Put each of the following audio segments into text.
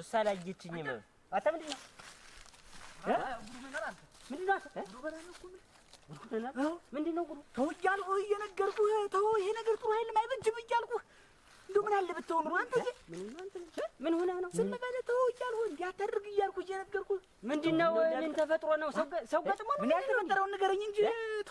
እሱ አላየችኝም። አንተ ምንድን ነው ምንድን ነው ጉዱ? ተው እያልኩህ እየነገርኩህ ተው፣ ይሄ ነገር ጥሩ አይደለም፣ አይበጅም እያልኩህ እንደው ምን አለ ብትሆን ነው አንተ ምን ሆነህ ነው ዝም በለው። ተው እያልኩህ እንዲህ አታድርግ እያልኩህ እየነገርኩህ ምንድን ነው ምን ተፈጥሮ ነው? ሰው ገጥሞ ነው የተፈጠረውን ንገረኝ እንጂ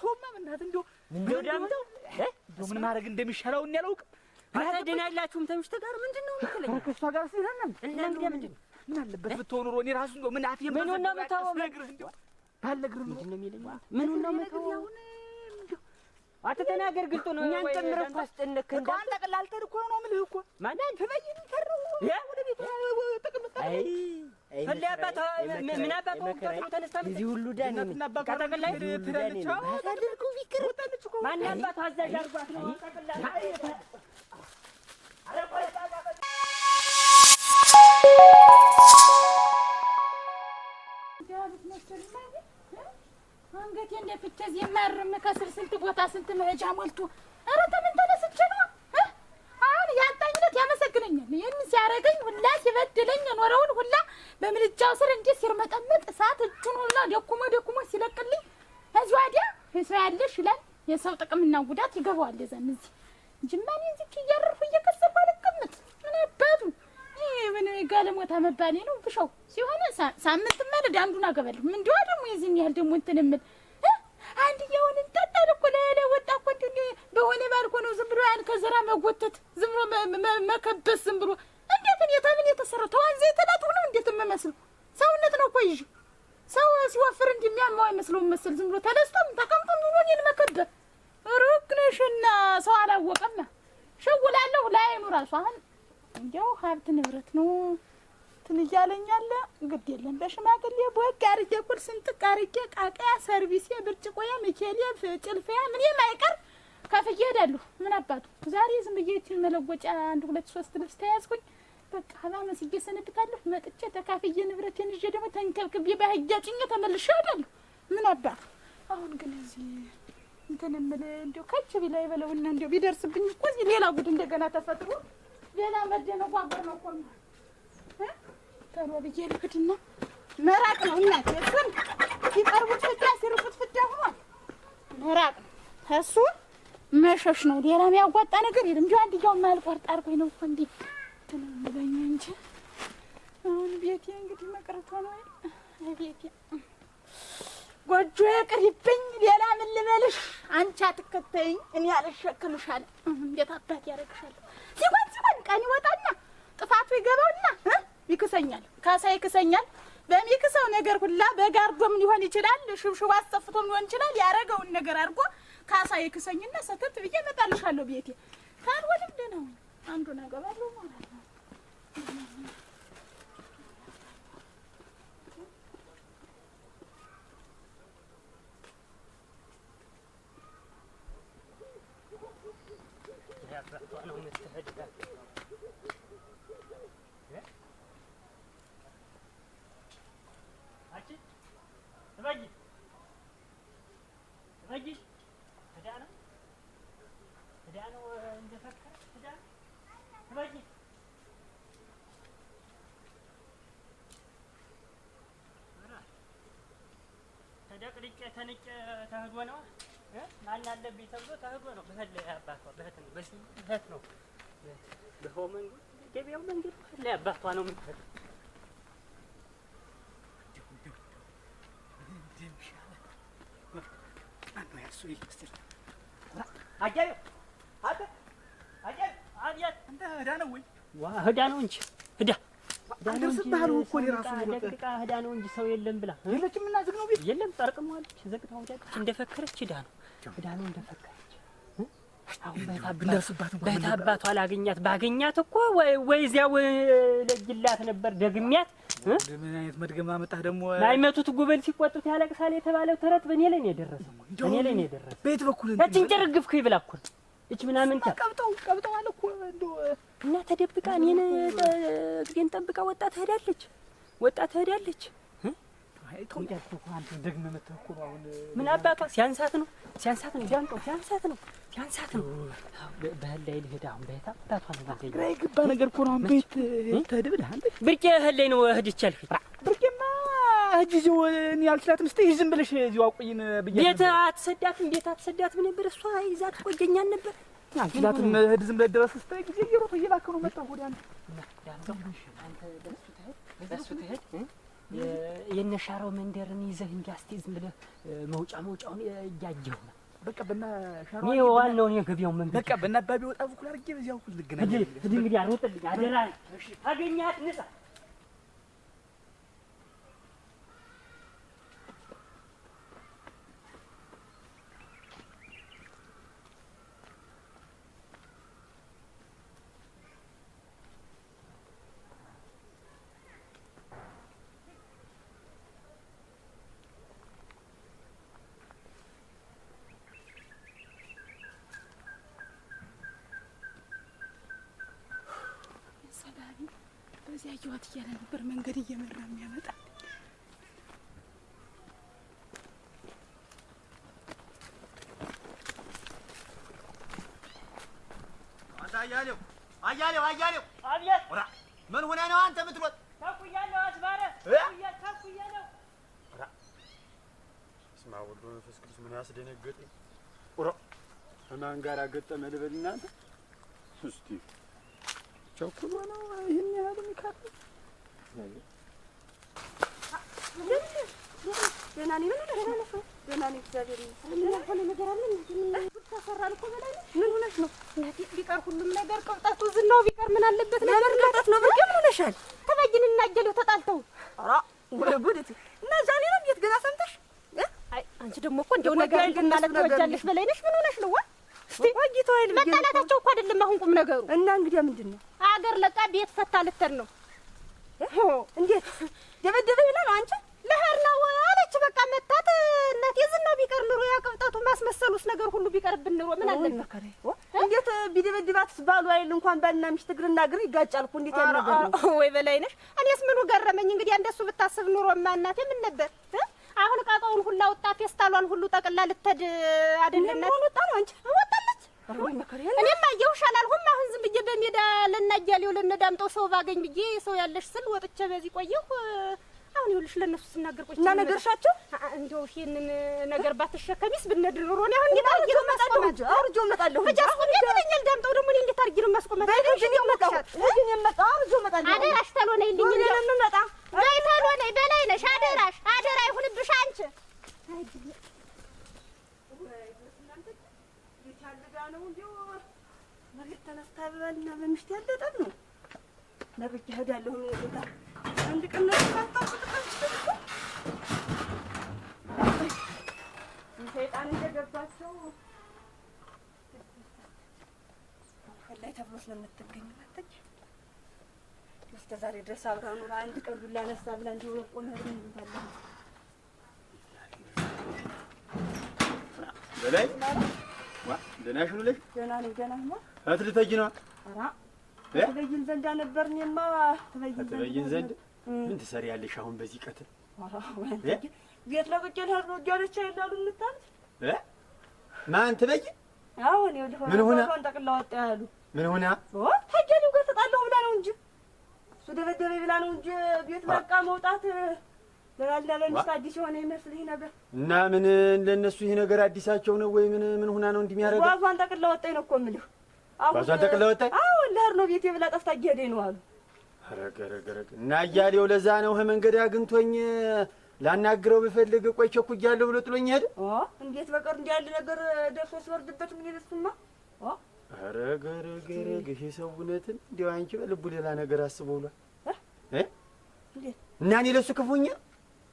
ተውማ፣ በእናትህ እንደው እንደው ዳምጠው እንደው ምን ማድረግ እንደሚሻለው እኔ አላውቅም። አንተ ደህና ያላችሁም ተምሽተ ጋር ምንድን ነው የምትለኝ? ከእሷ ጋር ስለናም እና እንግዲህ ምንድን ነው ምን አለበት ብትሆን ኑሮ ራሱ እንደው ምን አፍ የምን ነው የምታወው ነግርህ እንደው ባልነግርህ ምንድን ነው የሚለኝ? ምን ነው የምታወው አትተናገር፣ ግልጡ ነው። እኛን ጨምረህ እኮ አስጨነቅህ። እንደ አንተ ቀላልተን እኮ ነው የምልህ እኮ ማናን ተበይን ፈረው ወደ ቤት ጥቅም ጣይ ምን አባታ ተነስታ አንገቴ እንደ ፍቼዝ የማርም ከስር ስንት ቦታ ስንት መሄጃ ሞልቶ ኧረ ተምን ተነስቼ ነው አሁን ያመሰግነኛል። ይህን ሲያረገኝ ሁላ ሲበድለኝ የኖረውን ሁላ በምልጃው ስር እንዲህ ሲርመጠመጥ ሰዓት እጁን ሁላ ደኩሞ ደኩሞ ሲለቅልኝ ያለሽ ይላል። የሰው ጥቅምና ጉዳት ይገባዋል እዚህ ጅማኔ እዚህ እያረርኩ እየቀሰፋ ልቀምጥ ምን አባቱ ምን ጋለሞታ መባሌ ነው። ብሻው ሲሆነ ሳምንት መልድ አንዱን አገበልሁ ምን እንዲዋ ደግሞ የዚህን ያህል ደግሞ እንትን የምል አንድ እያሆን እንጠጣል እኮ ለለ ወጣ እኮ እንዲ በሆነ ባልኮ ነው ዝም ብሎ ያን ከዘራ መጎተት ዝም ብሎ መከበስ ዝም ብሎ እንዴት ነው ተምን የተሰራ ተዋንዘ የተላጥሁ ነው እንዴት የምመስል ሰውነት ነው እኮ ይዤ ሰው ሲወፍር እንዲህ የሚያመው አይመስለውም መስል ዝም ብሎ ተነስቶም ተቀምጦም ብሎ እኔን መከበብ ሩቅ ነሽና ሰው አላወቀም። ሸውላለሁ ላይኑ ራሱ አሁን እንዲያው ሀብት ንብረት ነው እንትን እያለኛለ ግድ የለም በሽማግሌ ቦግ አርጌ ቁል ስንጥቅ አርጌ ቃቃያ ሰርቪሴ ብርጭቆዬ ምኬሌ ጭልፋያ ምንም አይቀር ከፍዬ እሄዳለሁ። ምን አባቱ ዛሬ ዝም ብዬ ይችን መለወጫ አንድ ሁለት ሶስት ልብስ ተያዝኩኝ። በቃ ሀባ መስዬ ሰነብታለሁ። መጥቼ ተካፍዬ ንብረቴን ይዤ ደግሞ ተንከብክቤ ባህያ ጭኜ ተመልሼ እሄዳለሁ። ምን አባቱ አሁን ግን እዚህ እንትን የምልህ እንደው ከች ቢላ ይበለውና እንደው ቢደርስብኝ እኮ እዚህ ሌላ ጉድ እንደገና ተፈጥሮ ሌላ መደነጓጎር ነው እኮ ተሮ ብዬ ልሂድና መራቅ ነው እናቴ። እሱን ሲቀርቡት ፍዳ ሲርቁት ፍዳ ሆኗል። መራቅ ነው እሱ መሸሽ ነው። ሌላ የሚያዋጣ ነገር የለም። እንዲ አንድያውም አልቆርጥ አድርጎኝ ነው እኮ እንዲ እንትን የምለኝ እንጂ አሁን ቤቴ እንግዲህ መቅረቷ ነው አይደል ቤቴ ጎጆ ያቅሪብኝ፣ ሌላ ምን ልበልሽ? አንቺ አትከተይኝ፣ እኔ አልሸከምሻለሁ። እንዴት አባት ያደርግሻል? ሲሆን ሲሆን ቀን ይወጣና ጥፋቱ ይገባውና ይክሰኛል፣ ካሳ ይክሰኛል። በሚክሰው ነገር ሁላ በጋርዶም ሊሆን ይችላል፣ ሽብሽባ አስጠፍቶም ሊሆን ይችላል። ያደረገውን ነገር አድርጎ ካሳ ይክሰኝና ሰተት ብዬ እመጣልሻለሁ ቤቴ። ካልሆነም ደህና አንዱን አገባለሁ ማለት ነው። ቅልጬ ተንጬ ተህዶ ነው ማን አለብኝ ተብሎ ተህጎ ነው። ብህል አባቷ ብህት ነው። በስ ነው። መንገድ ገበያው መንገድ አባቷ ነው ህዳ ነው እንጂ ህዳ ደርስብሃል እኮ ራሱ ደቅቃ ህዳ ነው እንጂ ሰው የለም ብላ የለችም። እና ዝግ ነው ቤት የለም። ጠርቅመዋለች፣ ዘግታው ዳለች። እንደፈከረች ህዳ ነው ህዳ ነው እንደፈከረች። አሁን በእህት አባቷ አላገኛት። ባገኛት እኮ ወይ እዚያው ለጅላት ነበር ደግሚያት። ምን አይነት መድገማ መጣህ ደግሞ። አይመቱት ጉበል ሲቆጡት ያለቅሳል የተባለው ተረት በእኔ ላይ ነው የደረሰው። እኔ ላይ ነው የደረሰው። በየት በኩል እችን ጭርግፍኩ ይብላ እች ምናምን ቀብጠው ቀብጠዋል እኮ እንደው እና ተደብቃ እኔን እግዜን ጠብቃ ወጣ ትሄዳለች፣ ወጣ ትሄዳለች። ምን አባቷ ሲያንሳት ነው ሲያንሳት ነው ጃንቀው ሲያንሳት ነው ሲያንሳት ነው። በህል ላይ ልሄድ አሁን በየት አባቷ ነው ግራ የገባ ነገር እኮ ነው። አሁን ቤት ተድብዳ ብርቄ እህል ላይ ነው እህድ ይቻልህ እጅ እዚሁ እኔ አልችላትም። እስኪ ዝም ብለሽ እዚሁ አቆይን ብዬሽ ቤት አትሰዳትም፣ ቤት አትሰዳትም ነበር እሷ ይዛ ትቆየኛል ነበር። አልችላትም እህድ ዝም ብለሽ ድረስ እስከ ጊዜ እየሮጠ እየላከ ነው መጣሁ ወዲያ በእሱ ትሄድ የነሻረው መንደርን ይዘህ እንዲያ ዝም ብለህ መውጫ መውጫውን እያየሁ ነው ዋናው ነው መንገድ በቃ በና አባቢ ወጣ ብኩል አድርጌ በዚያው ሁሉ ልገናኝ እንግዲህ አልወጣልኝ አደራ እሺ ታገኛት እያየኋት እያለ ነበር መንገድ እየመራ የሚያመጣ አያሌው አያሌው አያሌው አብያት ምን ሆነ ነው አንተ የምትሮጥ? ተኩያለሁ አዝማረ ተኩያለሁ። ስማ ወልዶ መንፈስ ቅዱስ ምን ያስደነገጠኝ? ቁራ ከማን ጋር ገጠመ ልበል እናንተ እስቲ ቸኩሎ ነው ይህን ያህል ደህና ነኝ። ምን ሆነሽ ነው? ደህና ነኝ እግዚአብሔር ይመስገን። ሆነ ነገር አለ እኮ በላይ ምን ሆነሽ ነው? ቢቀር ሁሉም ነገር ቅብጠቱ ዝናው ቢቀር ምን አለበት? ቅብጠት ነው። ምን ሆነሻል? ተበይን ተጣልተው ጉድት እና ቤት ገዛ ሰምተሽ። አንቺ ደግሞ እኮ እንደው ነገር ግን ትወጃለሽ። በላይ ነሽ ምን ሆነሽ ነው? መጣላታቸው እኮ አይደለም አሁን ቁም ነገሩ እና እንግዲያ ምንድን ነው ሀገር ለቃ ቤት ፈታ ልትሄድ ነው። እንዴት ደበደበ ይላል አንቺ ለሄድ ነው አለች። በቃ መታት እናት የዝናው ቢቀር ኑሮ ያ ቅብጠቱ ማስመሰሉስ ነገር ሁሉ ቢቀርብን ኑሮ ምን አለ እንዴት ቢደበድባትስ ባሉ አይል እንኳን ባልና ሚስት እግርና እግር ይጋጫል እንዴት ያለ ነገር ነው ወይ በላይነሽ። እኔስ ምኑ ገረመኝ እንግዲህ እንደሱ ብታስብ ኑሮማ እናቴ ምን ነበር አሁን ዕቃ ዕቃውን ሁሉ ፌስታሏን ሁሉ ጠቅላ ልትሄድ አይደለም እናት ወጣ ነው አንቺ ወጣለች እኔም አየሁሽ አላልኩም። አሁን ዝም ብዬ በሜዳ ለናያሌው ለነዳምጠው ሰው ባገኝ ብዬ ሰው ያለሽ ስል ወጥቼ በዚህ ቆየሁ። አሁን ይኸውልሽ ለእነሱ ስናገር ቆይቼ እና ነገርሻቸው እንደው ይሄንን ነገር ባትሸከሚስ ብነድር ኑሮ ነው። አሁን ጌታ ጌታ መጣለሁ እንጂ አርጆ መጣለሁ እንጂ አስቆም ይለኛል። ዳምጠው ደግሞ እኔ እንዴት አድርጌ ነው የማስቆመው? ታዲያ ነው መጣሁ እኔ መጣሁ አርጆ መጣለሁ። አደራሽ ተሎ ነይልኝ እንዴ ነው መጣ በይ ተሎ ነይ። በላይ ነሽ። አደራሽ አደራ ይሁንብሽ አንቺ ነው እንዲሁ መሬት ተነስታ በባልና በሚስት ያለጠን ነው ነብጃ እሄዳለሁ። ምን ቦታ አንድ ቀን ሰይጣን እንደገባቸው ላይ ተብሎ ስለምትገኝ ባጠች እስከ ዛሬ ድረስ አብራ ኑራ አንድ ቀን ዱላ ነሳ ብላ እንዲሁ ወቆ ነው በላይ ደህና ነሽ? ደህና ነኝ። ደህና ነህ? እህት ነው? ኧረ ትበይን ዘንድ ነበር። እኔማ ትበይን ዘንድ ምን ትሰሪያለሽ አሁን በዚህ ቀትር? ቤት ለቅቄ ልሄድ ነው እያለች ይላሉ የምታልፍ ማን ትበይ? አሁን ምን ሆና ጠቅላ ወጣ ያሉ ምን ሆና ታያለሁ። ጋር ተጣላሁ ብላ ነው እንጂ እሱ ደበደበኝ ብላ ነው እንጂ ቤት ለቃ መውጣት ለባልና ለሚስት አዲስ የሆነ ይመስልህ ነበር እና ምን ለእነሱ ይሄ ነገር አዲሳቸው ነው ወይ? ምን ምን ሁና ነው እንዲህ የሚያደርገው? ጓዟን ጠቅልላ ወጣኝ ነው እኮ የምልህ። ጓዟን ወጣኝ? አዎ ለህር ነው ቤቴ ብላ ጠፍታ እየሄደኝ ነው አሉ። ረገረገረግ እና እያሌው ለዛ ነው መንገድ አግኝቶኝ ላናግረው ብፈልግ ቆይ ቸኩያለሁ ብሎ ጥሎኝ ሄደ። እንዴት በቀር እንዲህ ያለ ነገር ደርሶ ሲወርድበት ምን ይልስማ እንዲያው አንቺ በልቡ ሌላ ነገር እና እኔ ለሱ ክፉኛ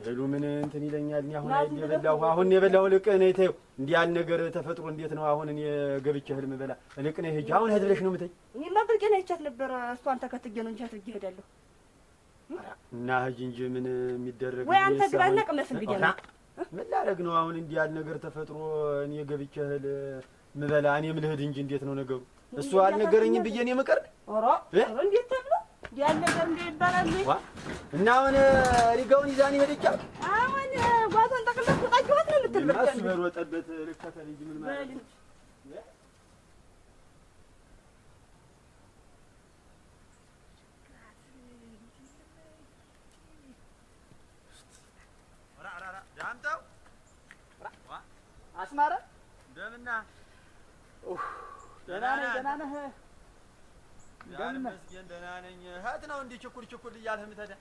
እህሉ ምን እንትን ይለኛል። እኔ አሁን አይደል የበላሁ አሁን የበላሁ ልቅ ነህ ተይው። እንዲህ ያለ ነገር ተፈጥሮ እንዴት ነው አሁን እኔ ገብቼ እህል የምበላ ልቅ ነህ ሂጅ። አሁን እህት ብለሽ ነው የምተኝ። እኔማ ብርቄን ይቻት ነበረ እሷን ተከትዬ ነው እንጂ አትልጅ እሄዳለሁ እና ሂጅ እንጂ ምን የሚደረግ ወይ አንተ ግራ ቅመስ እንግዲህ ነው ምን ላደርግ ነው አሁን እንዲህ ያለ ነገር ተፈጥሮ እኔ ገብቼ እህል የምበላ እኔም ልሂድ እንጂ እንዴት ነው ነገሩ? እሱ አልነገረኝም ብዬ እኔ የምቀር ኧረ እንዴት ተብሎ ያን ነገር እንደ ይባላል እና አሁን ሪጋውን ይዛን ሄደች። አሁን ጓቷን ጠቅልለት ወጣችኋት ነው የምትለው። ማስበር ልከተል እንጂ ምን ማለት ነው? አስማረ እንደምን ነህ? ደህና ነህ? ደህና ነህ? ይመስገን ደህና ነኝ። እህት ነው እንዲህ ችኩል ችኩል እያልህ የምትሄደው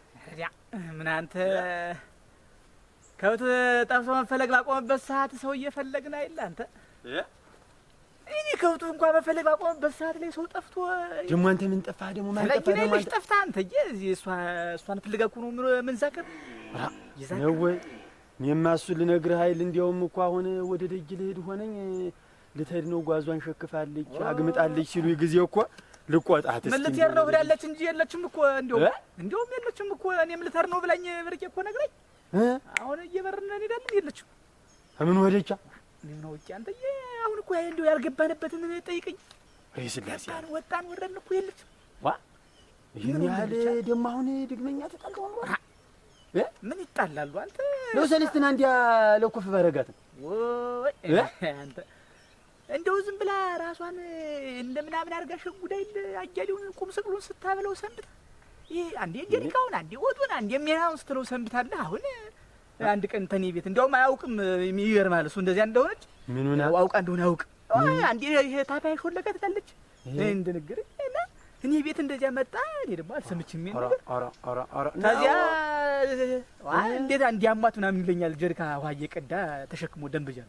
ምን አንተ ከብት ጠብሶ መፈለግ ባቆመበት ሰዓት ሰው እየፈለግን አይደል? አንተ እኔ ከብቱ እንኳን መፈለግ ባቆመበት ሰዓት ላይ ሰው ጠፍቶ ደግሞ አንተ ምን ጠፋህ? ደግሞ ማን ጠፍታ አንተ እዚህ እሷን ፍለጋ እኮ ነው ምን ዛከር ነው ወይ? እኔማ እሱን ልነግርህ ኃይል እንዲያውም እኮ አሁን ወደ ደጅ ልሄድ ሆነኝ ልትሄድ ነው ጓዟን ሸክፋለች አግምጣለች ሲሉ ጊዜ እኮ ልቆጣት ምን ልትሄድ ነው? ሄዳለች እንጂ የለችም እኮ እንደውም እንደውም የለችም እኮ እኔም ልትሄድ ነው ብላኝ ብርቄ እኮ ነግረኝ አሁን እየበርን እንሄዳለን። የለችም ምን ወደቻ ምን ነው እቺ አንተ አሁን እኮ ያይ እንደው ያልገባንበትን ጠይቀኝ። ወይ ስላሴ ወጣን ወረድን እኮ የለችም። ዋ ይሄን ያህል ደግሞ አሁን ድግመኛ ተጣልተው ነው እ ምን ይጣላሉ? አንተ ነው ሰለስትና እንዲያ ለኩፍ በረጋት ወይ አንተ እንደው ዝም ብላ ራሷን እንደ ምናምን አድርጋ ሸጉዳይ አጃሌውን ቁም ስቅሉን ስታበለው ሰንብታ ይህ አንዴ ጀሪካውን አንዴ ወጡን አንዴ ሜናውን ስትለው ሰንብታለህ። አሁን አንድ ቀን ተኔ ቤት እንዲያውም አያውቅም። ይገርማል። እሱ እንደዚያ እንደሆነች ምኑን አውቃ እንደሆነ አያውቅም። አንዴ ይሄ ታፋይ ሾለቀ ትላለች እንድንግር እና እኔ ቤት እንደዚያ መጣ። እኔ ደግሞ አልሰምችም የሚል ከዚያ እንዴት አንዴ አሟት ምናምን ይለኛል። ጀሪካ ውሃ እየቀዳ ተሸክሞ ደንብጃ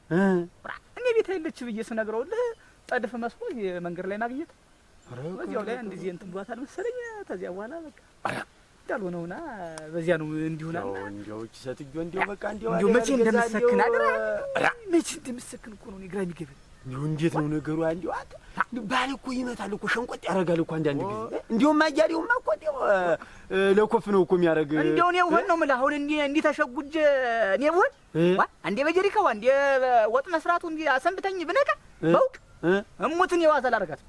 እኔ ቤት አይለች ብዬ ስነግረውልህ ጠድፍ መስሎ መንገድ ላይ ማግኘት በዚያው ላይ አንድ ጊዜ እንትን ብሏታል መሰለኝ። ተዚያ በኋላ በቃ እንዳልሆነውና በዚያ ነው እንዲሁና እንዲዎች ሰትዮ እንዲሁ በቃ እንዲሁ እንዲሁ መቼ እንደምሰክን አድራ መቼ እንደምሰክን እኮ ነው እኔ ግራ የሚገብል እንዲሁ እንዴት ነው ነገሩ? አንዲሁ አንተ ባል እኮ ይመታል እኮ ሸንቆጥ ያደርጋል እኮ አንዳንድ ጊዜ እንዲሁም አያሌውማ እኮ እንዲሁ ለኮፍ ነው እኮ የሚያደርግ እንዲሁ እኔ ብሆን ነው የምልህ አሁን እንዲህ ተሸጉጄ እኔ ብሆን አንዴ በጀሪካው አንዴ ወጥ መስራቱ እንዲህ አሰንብተኝ ብነቃ በውቅ እሙትን የዋዛ ላደርጋት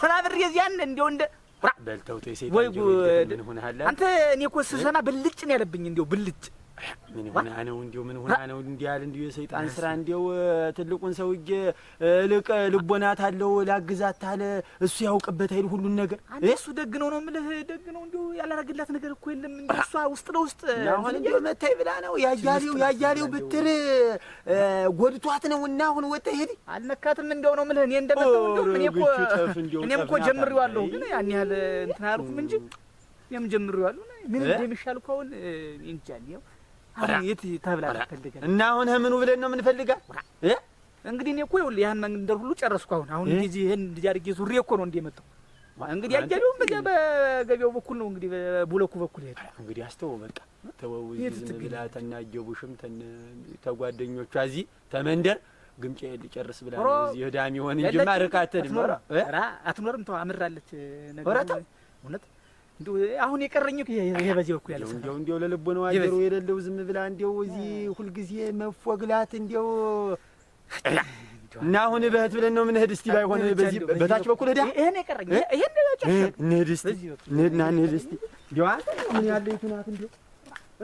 ሰናብር የዚያን እንዲያው እንደ ቁራ በልተውቶ የሴት ወይ ጉድ አንተ እኔ እኮ ስሰማ ብልጭ ነው ያለብኝ እንዲያው ብልጭ ምን ሆና ነው እንዲው? ምን ሆና ነው እንዲያል? እንዲው የሰይጣን ስራ እንዲው ትልቁን ሰውዬ ልቅ ልቦናት አለው ላግዛት አለ እሱ ያውቅበት አይል ሁሉን ነገር እሱ ደግ ነው ነው የምልህ ደግ ነው። እንዲው ያላረግላት ነገር እኮ የለም። እንዲው እሷ ውስጥ ለውስጥ አሁን እንዲው መታይ ብላ ነው ያያሌው ያያሌው ብትር ጎድቷት ነው እና አሁን ወጣ ሄድ አልነካትም። እንደው ነው የምልህ እኔ እንደመጣሁ እኔም እኮ ጀምሬዋለሁ፣ ግን ያን ያህል እንትን አልኩም እንጂ እኔም ጀምሬዋለሁ። ምን እንደሚሻል እኮ አሁን እንጃ ያው እና አሁን ምኑ ብለን ነው የምንፈልጋል? እንግዲህ እኔ እኮ ይኸውልህ ያን እንደር ሁሉ ጨረስኩ። አሁን አሁን እንግዲህ ይሄን እንዲህ አድርጌ ዙሬ እኮ ነው እንዲህ የመጣው። እንግዲህ አያሌው በዚያ በገቢያው በኩል ነው እንግዲህ በቡለኩ በኩል ይሄ እንግዲህ አስተው በቃ ተወው። ዝም ብላ ተና ጀቡሽም ተነ ተጓደኞቿ እዚህ ተመንደር ግምጫ ልጨርስ ብላ ነው እዚህ ዳም ይሆን እንጂ ማርካተድ ነው አትኖርም። ተው አምራለች ነገር እውነት አሁን የቀረኝ ይሄ በዚህ በኩል ያለው እንደው እንደው ለልቦ ነው አጀሩ የሌለው ዝም ብላ እንደው እዚህ ሁልጊዜ መፎግላት እንደው እና አሁን በህት ብለን ነው የምንሄድ። እስቲ ባይሆን በዚህ በታች በኩል ሄዳ ይሄን የቀረኝ ይሄን ነው ጨርሽ እንሂድ እስቲ እንሂድና እንሂድ እስቲ እንደው አንተ ምን ያለው ይቱናት እንደው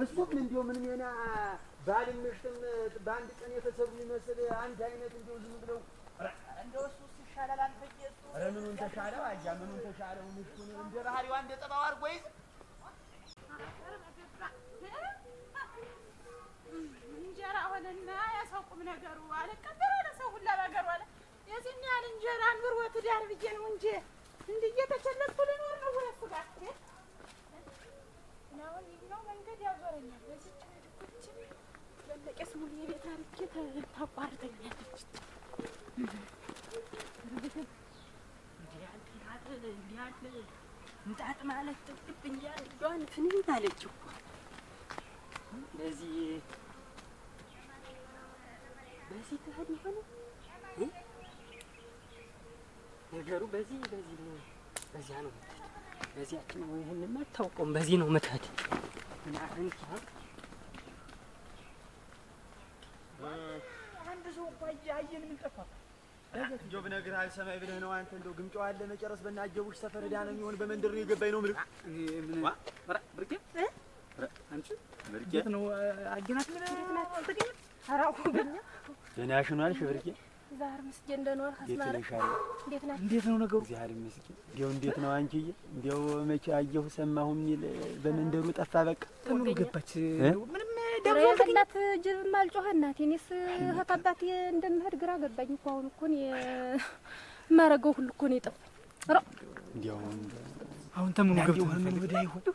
እሱም እንደው ምንም የና ባልም ምሽትም በአንድ ቀን የተሰሩ ይመስል አንድ አይነት እንደው ዝም ብለው እንደው እሱ ይሻላል አንተ ኧረ ምኑን ተሻለው አያ ምኑን ተሻለው ምስኩን እንደ ባህሪዋ እንደ ጠባዋ አድርጎ ይዝ እንጀራ ሆነና ያሰው ቁም ነገሩ አልቀደረ ለሰው ሁላ ነገሩ አለ የዚህን ያህል እንጀራ ኑር ወት ብዬ ነው እንጂ እንዲህ እየተቸለኩ ልኖር ነው ሁለቱ ጋር ናሁን ይብለው መንገድ ያዞረኛል በዚች ድኩች በለቄስ ሙሉ የቤት አርጌ ታቋርጠኛለች ምጣጥ ማለት ጥብጥብ እንዲያለ እጇን ፍንን አለች እኮ እንደዚህ በዚህ ከህድ የሆነ ነገሩ በዚህ በዚህ ነው። በዚያ ነው የምትሄድ፣ በዚያችን ነው። ይህንማ አታውቀውም። በዚህ ነው የምትሄድ። አንድ ሰው እንኳ አየን፣ ምን እንደው ብነግርህ አልሰማይ ብለህ ነው አንተ። እንደው ግምጫው አለ መጨረስ በእናጀቡሽ ሰፈር ዳነ የሚሆን በመንደር ነው የገባኝ ነው የምልህ። ብርቄ አንቺ ብርቄ ነው አግናት ምን አራቁ ገኛ ደህና አልሽ ብርቄ? ዛሬ ምስኪን እንደኖር አስማረ እንዴት ነው እንዴት ነው ነገሩ? ዛሬ ምስኪን እንዴው እንዴት ነው አንቺዬ? እንዴው መቼ አየሁ ሰማሁ የሚል በመንደሩ ጠፋ። በቃ ምን ገባች ደግሞ ህላት ጅብም አልጮኸ እናቴ። እኔስ እህት አባቴ እንደምሄድ ግራ ገባኝ እኮ አሁን እኮ የማረገው ሁሉ እኮ ነው የጠፋኝ። አሁን ተምኑ ገብቶ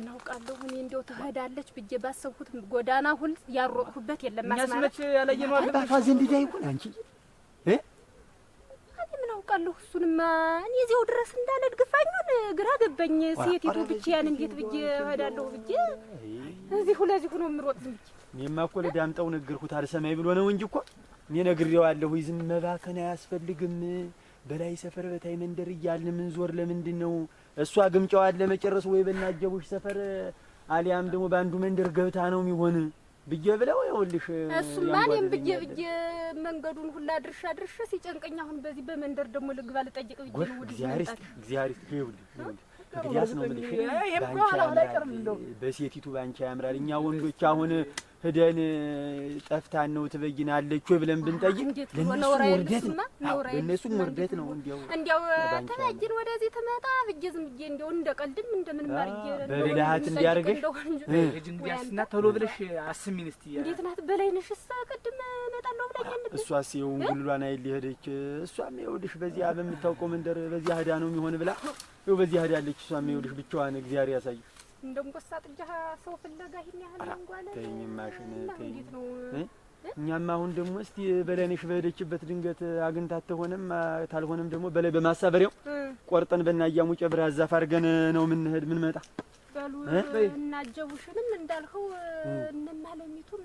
እናውቃለሁ እኔ እንደው ትሄዳለች ብዬ ባሰብኩት ጎዳና ሁል ያሮጥሁበት የለም። ማስመች ያላየነው አባቷ ዘንድ ዳ ይሆን አንቺ አውቃለሁ እሱንማ፣ እኔ እዚያው ድረስ እንዳለ ድግፋኙን ግራ ገባኝ። ሴቲቱ ብቻዬን እንዴት ብዬ እሄዳለሁ ብዬ እዚሁ ለዚሁ ነው የምሮጥ። ዝምብዬ እኔማ እኮ ለዳምጠው ነገርኩት አልሰማኝ ብሎ ነው እንጂ እኮ እኔ ነግሬዋለሁ። ዝም መባከን አያስፈልግም። በላይ ሰፈር በታይ መንደር እያልን ምን ዞር ለምንድን ነው? እሷ ግምጫዋን ለመጨረስ ወይ በናጀቦች ሰፈር አሊያም ደግሞ በአንዱ መንደር ገብታ ነው የሚሆን ብዬ ብለው ይኸውልሽ፣ እሱማ እኔም ብዬ ብዬ መንገዱን ሁላ ድርሻ ድርሻ ሲጨንቀኝ አሁን በዚህ በመንደር ደግሞ ልግባ ልጠይቅ ብዬ ነው ወዲህ ይመጣል። እግዚአብሔር ይስጥሽ፣ ይኸውልሽ እንግዲያስ ነው የምልሽ በሴቲቱ ባንቺ ያምራል። እኛ ወንዶች አሁን ሄደን ጠፍታን ነው ትበይናለች ወይ ብለን ብንጠይቅ ለእነሱም ውርደት ነው። እንዲያው እንዲያው ተበጅን ወደዚህ ትመጣ ብዬ ዝም ብዬ እንዲያው እንደ ቀልድም እንደምን ማርጌ በብልሃት እንዲያርገሽ ልጅ እንዲያስና ቶሎ ብለሽ አስሚን እስቲ እንዴት ናት በላይነሽስ ቅድም እመጣለሁ ብላኝ እሷስ ይኸው እንጉልሏን አይል ሄደች። እሷም ይኸውልሽ በዚያ በምታውቀው መንደር በዚያ ሄዳ ነው የሚሆን ብላ ይኸው በዚያ ሄዳለች። እሷም ይኸውልሽ ብቻዋን እግዚአብሔር ያሳየሽ እንደም ጎሳ ጥጃ ሰው ፍለጋ ይሄን ያህል መንጓለ ተኝማሽን ማሽን ነው? እኛም አሁን ደግሞ እስቲ በላይነሽ በሄደችበት ድንገት አግኝታት ተሆነም ታልሆነም ደግሞ በላይ በማሳበሪያው ቆርጠን በእናያ ሙጬ ብር አዛፍ አድርገን ነው የምንሄድ ምን መጣ እናጀቡሽንም እንዳልኸው እነማለሚቱም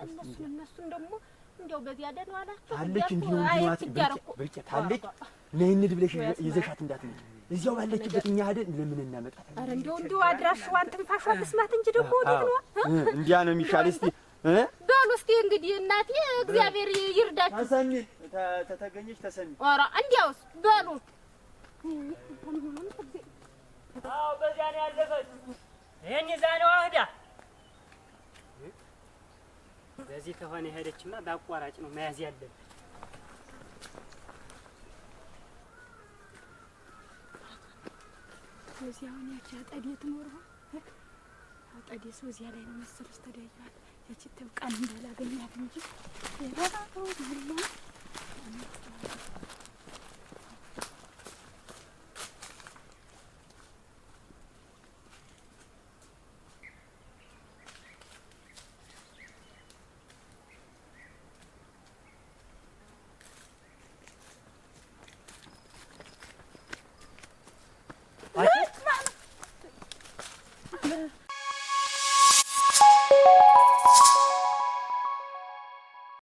እነሱን እነሱን ደግሞ እንዲያው በዚያ ደህና ዋላችሁ አለች እንዲሁ አየት ይያረቁ ብቻ ታለች ነይ እንሂድ ብለሽ ይዘሻት እንዳትመጪ እዚያው ባለችበት እኛ አይደል ለምን እናመጣት? አረ እንደው እንደው አድራሽዋን ትንፋሿን ልስማት እንጂ ደግሞ ደግሞ እንዲያ ነው የሚሻል። እስቲ በሉ እስቲ እንግዲህ እናቴ እግዚአብሔር ይርዳችሁ። ተሰሚ ተተገኘች ተሰሚ። ኧረ እንዲያውስ በሉ አዎ፣ በዚያ ነው ያለፈች። ይሄን ይዛ ነው አህዳ። በዚህ ከሆነ የሄደችማ በአቋራጭ ነው መያዝ ያለብን። እዚህ አሁን ያቺ አጠዴ ትኖር ይሆን? አጠዴ ሰው እዚያ ላይ ነው መሰለሽ ተዳይዋል። ያቺ ተብቃን እንዳላገኛት እንጂ ሌላ